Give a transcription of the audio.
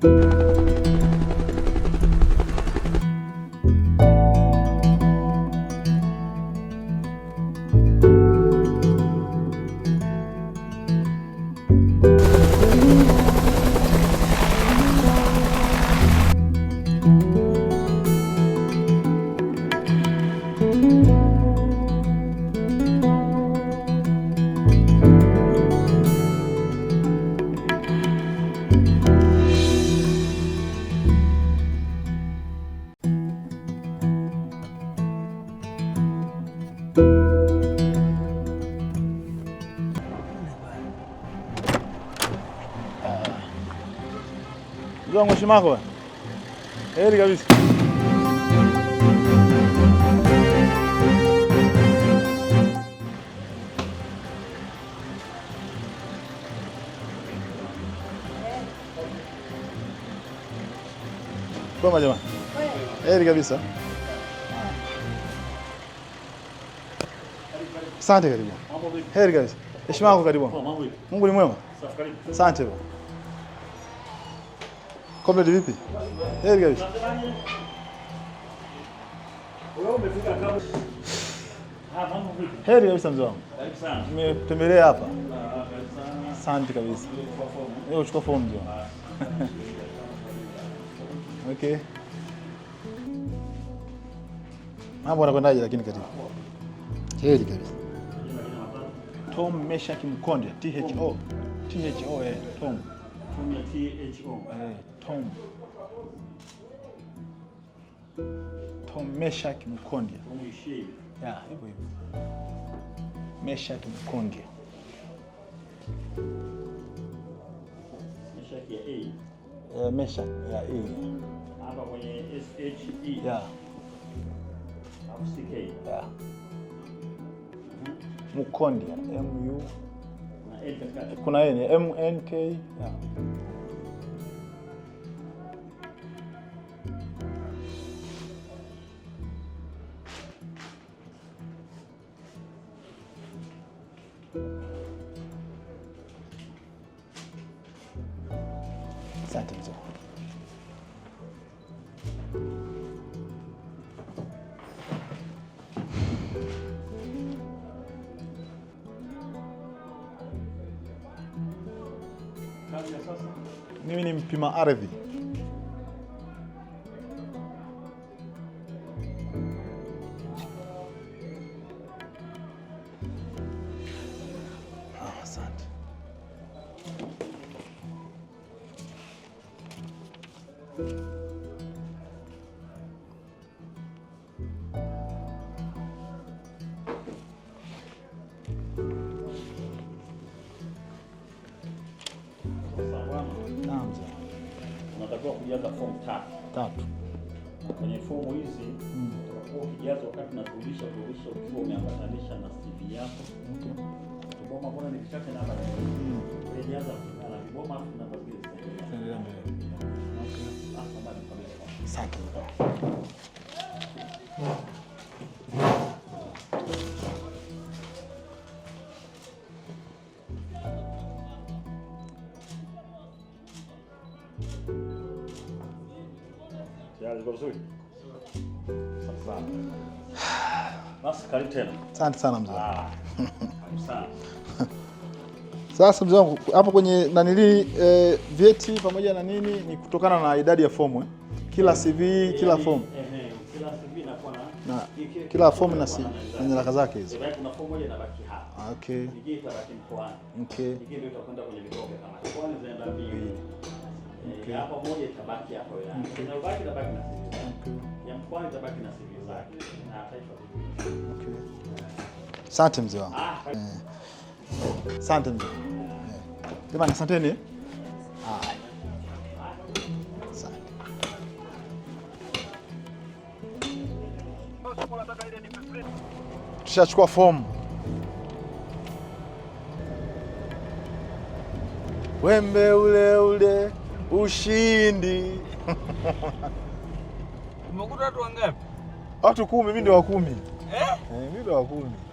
thank you Zongo Shimahua. Heri kabisa. Toma jamaa. Heri kabisa. Asante karibuni. Heri kabisa. Heshima yako karibuni. Mungu ni mwema. Asante Comedy vipi? Heri kabisa. Heri kabisa mzee wangu. Nimetembelea hapa. Asante kabisa. Leo chukua fomu mzee wangu. Okay. Mambo yanakwendaje lakini katibu? Heri kabisa. Tom Meshack Mkondia, THO. THO eh, Tom kutumia tho eh, tom tom Meshaki Mkondia, ya hivyo hivyo Mkondia mesha ya eh, e hapa kuna yenye MNK yeah. Asante mzee. kazi ya sasa? Mimi ni mpima ardhi. Ah, unatakiwa kujaza fomu tatu tatu kwenye fomu hizi mm. utakuwa ukijaza wakati unazurudisha urudisha ukiwa umeambatanisha na CV yako. Okay. Kiboma mbona ni kichache namba mm. na kiboma afu namba zile zinaendelea mbele. Asante. Thank you. Asante sana mzee. Sasa mzee wangu hapo kwenye nanili eh, vyeti pamoja na nini ni kutokana na idadi ya fomu eh? Kila CV kila eh, fomu eh, eh, na kila fomu na nyaraka zake hizo. Okay. Okay ya hapa moja itabaki hapa wilaya itabaki na siri zake, ya mkoani itabaki na siri zake na taifa. Asante mzee wangu, ah, eh. asante mzee eh. jamani, asanteni. Tushachukua fomu. Wembe ule ule Ushindi. Umekuta watu wangapi? Watu kumi, mimi ndio wa kumi. Eh? Eh, mimi ndio wa kumi.